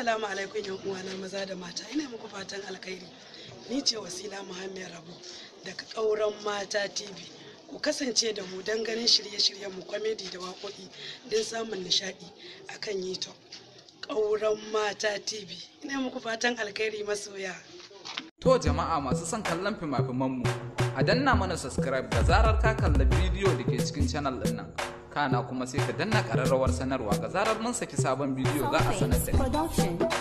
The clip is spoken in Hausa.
Assalamu alaikum yan uwana maza da mata ina muku fatan alkhairi ni ce wasila muhammed Rabu daga kauran mata TV ku kasance da mu don ganin shirye-shiryen mu kwamedi da waƙoƙi don samun nishaɗi akan YouTube kauran mata TV ina muku fatan alkhairi masoya To jama'a masu son kallon fima-fimanmu a danna mana subscribe da zarar ka kalli bidiyo da ke cikin channel din nan kana kuma sai ka danna ƙararrawar sanarwa ga zarar mun saki sabon bidiyo za a sanar da